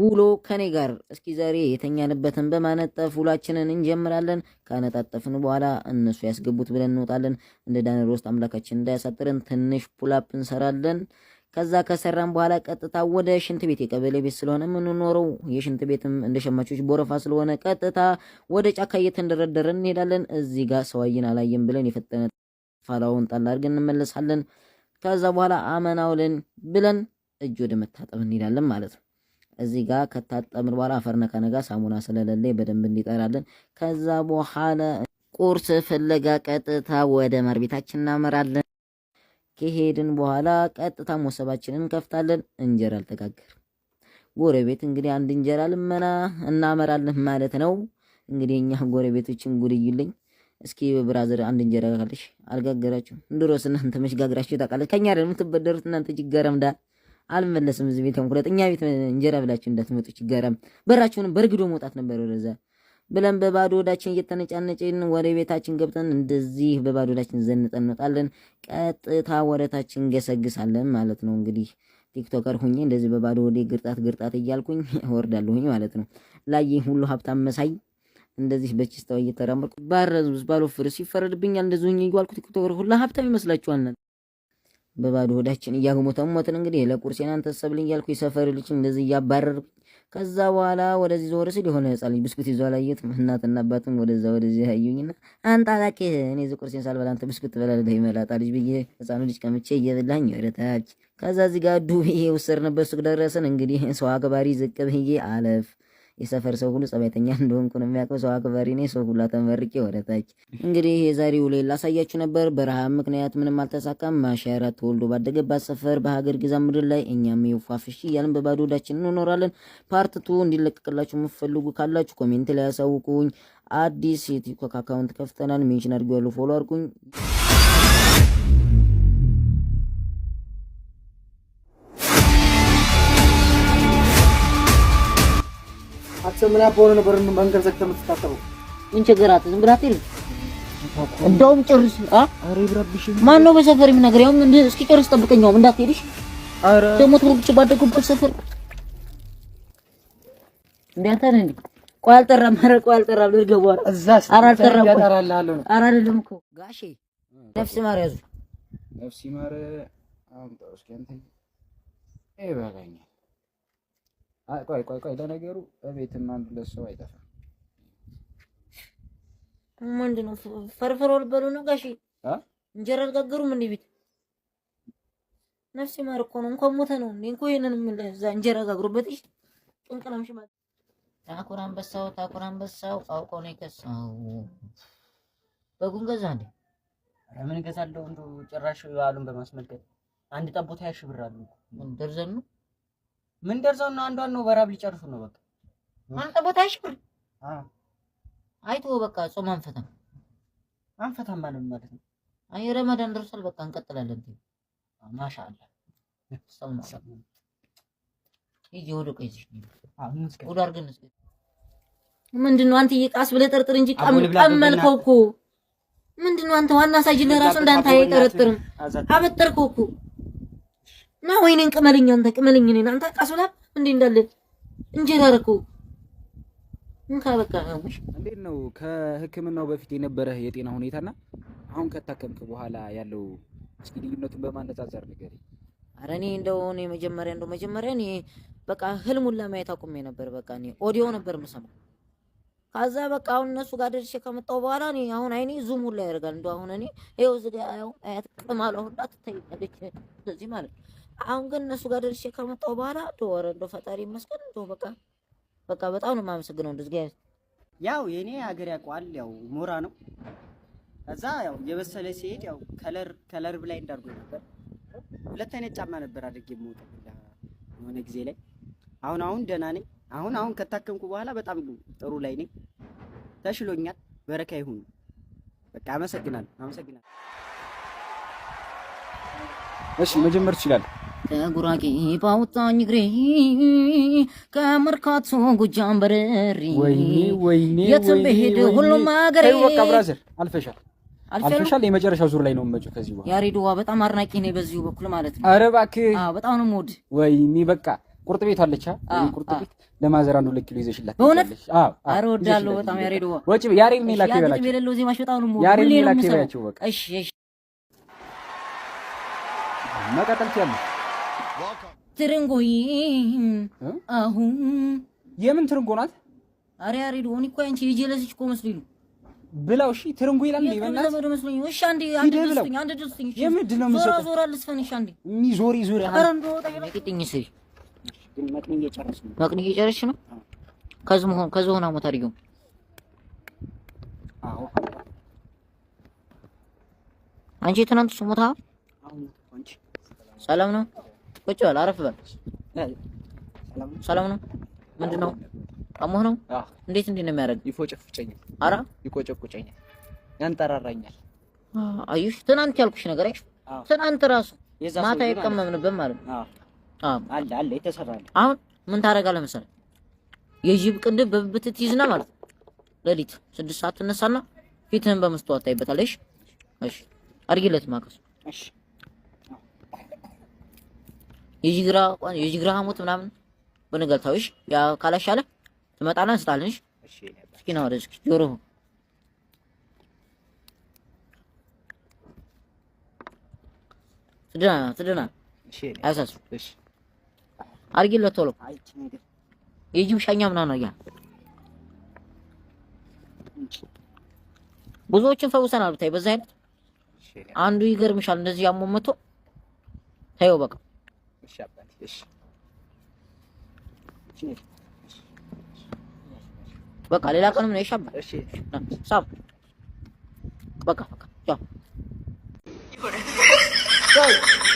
ውሎ ከኔ ጋር እስኪ ዛሬ የተኛንበትን በማነጠፍ ውላችንን እንጀምራለን። ካነጣጠፍን በኋላ እነሱ ያስገቡት ብለን እንወጣለን። እንደ ዳንር ውስጥ አምላካችን እንዳያሳጥርን ትንሽ ፑላፕ እንሰራለን። ከዛ ከሰራን በኋላ ቀጥታ ወደ ሽንት ቤት፣ የቀበሌ ቤት ስለሆነ የምንኖረው የሽንት ቤትም እንደ ሸማቾች ቦረፋ ስለሆነ ቀጥታ ወደ ጫካ እየተንደረደረን እንሄዳለን። እዚህ ጋር ሰዋይን አላየን ብለን የፈጠነ ፋላውን ጣል አድርገን እንመለሳለን። ከዛ በኋላ አመናውልን ብለን እጅ ወደ መታጠብ እንሄዳለን ማለት ነው። እዚህ ጋር ከታጠብን በኋላ አፈር ነካ ነጋ ሳሙና ስለሌለ በደንብ እንዲጠራለን። ከዛ በኋላ ቁርስ ፍለጋ ቀጥታ ወደ መርቤታችን እናመራለን። ከሄድን በኋላ ቀጥታ ሞሰባችንን እንከፍታለን። እንጀራ አልተጋገር ጎረቤት እንግዲህ አንድ እንጀራ ልመና እናመራለን ማለት ነው። እንግዲህ እኛ ጎረቤቶችን ጉድይልኝ እስኪ ብራዘር አንድ እንጀራ ካልሽ አልጋገራችሁ። ድሮስ እናንተ መሽጋግራችሁ ጋግራችሁ ታውቃለች? ከኛ ደግሞ የምትበደሩት እናንተ ጅገረምዳ አልመለስም። እዚህ ቤት ሆንኩለት እኛ ቤት እንጀራ ብላችሁ እንዳትመጡ ችገረም በራችሁንም በእርግዶ መውጣት ነበር ወደዛ ብለን በባዶ ወዳችን እየተነጫነጭን ወደ ቤታችን ገብተን እንደዚህ በባዶ ወዳችን ዘንጠን እንወጣለን። ቀጥታ ወረታችን እንገሰግሳለን ማለት ነው። እንግዲህ ቲክቶከር ሁኜ እንደዚህ በባዶ ወደ ግርጣት ግርጣት እያልኩኝ ወርዳለሁኝ ማለት ነው። ላይ ሁሉ ሀብታም መሳይ እንደዚህ በቺስታው እየተራመድኩ ባረዙ ባሎ ፍርስ ይፈረድብኛል። እንደዚህ ሁኜ እያልኩ ቲክቶከር ሁላ ሀብታም ይመስላችኋል። በባዶ ሆዳችን እያግሞተሞትን እንግዲህ ለቁርሴን አንተ ሰብልኝ እያልኩ የሰፈር ልጅ እንደዚህ እያባረር ከዛ በኋላ ወደዚህ ዞር ሲል የሆነ ህጻን ልጅ ብስኩት ይዞ አላየሁት። እናትና አባትም ወደዛ ወደዚህ አዩኝና አንተ አላቂ እኔ እዚህ ቁርሴን ሳልበላ አንተ ብስኩት ትበላለህ ይመላጣ ልጅ ብዬ ህጻኑ ልጅ ቀምቼ እየበላኝ ወደታች ከዛ እዚህ ጋር ዱብ ውስር ነበር ሱቅ ደረስን። እንግዲህ ሰው አክባሪ ዝቅ ብዬ አለፍ የሰፈር ሰው ሁሉ ጸባይተኛ እንደሆንኩ ነው የሚያውቀው። ሰው አክበሪ ነኝ። ሰው ሁላ ተመርቄ ወደታች። እንግዲህ የዛሬው ውሎ ላሳያችሁ ነበር። በረሃብ ምክንያት ምንም አልተሳካም። ማሻራ ተወልዶ ባደገባት ሰፈር በሀገር ግዛ ምድር ላይ እኛም የውፋፍሽ እያልን በባዶ ሆዳችን እንኖራለን። ቱ እንዲለቀቅላችሁ የምትፈልጉ ካላችሁ ኮሜንት ላይ ያሳውቁኝ። አዲስ የቲክቶክ አካውንት ከፍተናል። ሜንሽን አድርጌዋለሁ። ፎሎ አድርጉኝ። አትሰም ምን በሆነ ነበር መንገድ ዘግተህ የምትታሰበው። ምን ችግር አለ? ዝም ብለህ ይል እንደውም ጭርስ አ አሬ ብራብሽ ማን ነው በሰፈር የሚነገር? ያውም እስኪ ጭርስ ጠብቀኛው እንዳትሄድሽ። አረ ደግሞ ትሩብጭ ባደጉበት ሰፈር እንዴት ነኝ? ቆይ አልጠራም። አረ ቆይ አልጠራም። ልገባ እዛ አረ አልጠራም። አረ አይደለም እኮ ጋሼ ነፍስ ማር ያዙ ነፍስ ማር አምጣው እስኪ አንተ ይበላኛል ቆይ ቆይ ቆይ፣ ለነገሩ እቤትም አንድ ሁለት ሰው አይጠፋም። ምንድን ነው ፈርፍሮ ልበሉ ነው ጋሽ? እንጀራ አልጋገሩም እንዴ ቤት? ነፍሴ ማር እኮ ነው። እንኳን ሞተ ነው እንዴ እንኳን ይሄንን ምን ለዛ እንጀራ ጋግሮበት እሺ፣ ጥንቅላም ማለት ታኩር አንበሳው ታኩር አንበሳው አውቆ ነው የከሳው። በጉን ገዛ እንዴ? ኧረ ምን ገዛለው? እንደው ጭራሽ አሉን በማስመልከት አንድ ጠቦት ያሽብራሉ። ምን ብር ደርዘን ነው ምን ደርሰው እና አንዷን ነው በራብ ሊጨርሱ ነው። በቃ አንተ ቦታ አይሽኩር አይቶ በቃ ጾም አንፈታም አንፈታም ማለት ማለት ነው። አይ ረመዳን ደርሷል። በቃ እንቀጥላለን። ማሻአላ ሰማ ይጂ ወደ ቀይ ወደ አርገን ምንድን ነው አንተ ይቃስ ብለህ ጠርጥር እንጂ ቀመልከው እኮ ምንድን ነው አንተ ዋና ሳጅ ለራሱ እንዳንተ አይጠረጥርም። አበጠርከው እኮ ና ወይኔን ቅመለኝ፣ አንተ ቅመለኝ፣ እኔን አንተ ቃሶላ እንዴ እንዳለ እንጀራ እኮ እንካ በቃ ነው። እንዴት ነው ከህክምናው በፊት የነበረህ የጤና ሁኔታና አሁን ከታከምክ በኋላ ያለው እስኪ ልዩነቱን በማነጻጸር ንገረኝ። ኧረ እኔ እንደው እኔ መጀመሪያ እንደው መጀመሪያ እኔ በቃ ህልሙን ለማየት አቁሜ ነበር። በቃ እኔ ኦዲዮ ነበር የምሰማው። ከዛ በቃ አሁን እነሱ ጋር ደርሼ ከመጣሁ በኋላ እኔ አሁን አይኔ ዙም ሁላ ያደርጋል። እንደው አሁን እኔ ይኸው እዚህ ጋር አያት ቅማሏ ሁላ ትታይኛለች ስለዚህ ማለት ነው አሁን ግን እነሱ ጋር ደርሼ ከመጣሁ በኋላ ዶወረ እንደ ፈጣሪ ይመስገን እንደ በቃ በቃ በጣም ነው የማመሰግነው። እንደዚህ አይነት ያው የኔ ሀገር ያውቀዋል። ያው ሞራ ነው። ከዛ ያው የበሰለ ሲሄድ ያው ከለር ከለር ብላይ እንዳርጎ ነበር። ሁለት አይነት ጫማ ነበር አድርጌ የምወጣው የሆነ ጊዜ ላይ። አሁን አሁን ደህና ነኝ። አሁን አሁን ከታከምኩ በኋላ በጣም ጥሩ ላይ ነኝ። ተሽሎኛል። በረካ ይሁን። በቃ አመሰግናለሁ። አመሰግናለሁ። እሺ መጀመር ትችላለህ። ከጉራጌ ባውጣ እግሬ ከመርካቶ ጎጃም በረሪ የትም ብሄድ ሁሉም ሀገሬ አልፈሻል አልፈሻል። የመጨረሻው ዙር ላይ ነው የምመጪው። ከዚህ በኋላ ያሬድዋ በጣም አድናቂ ነኝ በዚሁ በኩል ማለት ነው። ኧረ እባክህ በጣም ነው የምወድ። ወይኔ በቃ ቁርጥ ቤት አለች። ቁርጥ ቤት ለማዘር አንዱ ሁለት ኪሎ ይዘሽላት። በእውነት ኧረ እወዳለሁ በጣም ያሬድዋ። ወጪ ያሬድ ነው ላከው ይበላችሁ። የሌለው ዜማሽ በጣም ነው የምወድ። ያሬድ ነው ላከው ይበላችሁ። በቃ እሺ፣ እሺ መቀጠል ትችያለሽ። ትርንጎዬ አሁን የምን ትርንጎ ናት? አሬ አሬ ዶኒ እኮ አንቺ የጀለስሽ እኮ መስሎኝ ነው ብላው። እሺ ትርንጎ ይላል እንዴ? በእናትህ ዘመድ መስሎኝ። እሺ አንዴ አንዴ ደስኝ አንዴ ደስኝ። እሺ የምንድን ነው የሚሰጠው? ዞራ ልስፈን። እሺ አንዴ ሚዞሪ ዞሪ። አረ እንደው ታይበቅጥኝ ስሪ። መቅንዬ ጨረስሽ ነው? ከዚህ መሆን ከዚህ ሆና ሞት አድርጊው። አዎ አንቺ ትናንት ሞታ። ሰላም ነው ቁጭ በል፣ አረፍ በል። ሰላም ነው? ምንድን ነው? አሞህ ነው? እንዴት እንዴት ነው የሚያደርግ? ይፎጨፍጨኛል። ኧረ ይቆጨቁጨኛል፣ ያንጠራራኛል። አዩሽ ትናንት ያልኩሽ ነገር አይሽ፣ ትናንት ራሱ ማታ የቀመምንበት ማለት ነው። አለ አለ የተሰራ አሁን ምን ታደርጋለህ መሰለህ? የጅብ ቅንድብ በብብትህ ትይዝና ማለት ነው። ሌሊት ስድስት ሰዓት ትነሳና ፊትህን በመስተዋት ታይበታለሽ። እሺ፣ አድርጊለት ማቀስ። እሺ የጅግራ የጅግራ ሐሞት ምናምን በነጋታዊሽ ያ ካላሻለ ትመጣና እንስጣለን። እሺ እስኪ ነው ወደዚህ ጆሮ ትድና ትድና አያሳስብ። አድርጊለት ቶሎ የጅብ ሻኛ ምናምን አያ ብዙዎችን ፈውሰናል ብታይ በዛ አይነት አንዱ ይገርምሻል። እንደዚህ ያሞመቶ ተይው በቃ مش عبالي ايش بقى لا كانوا من ايش ايش نعم، صبر بقى بقى شوف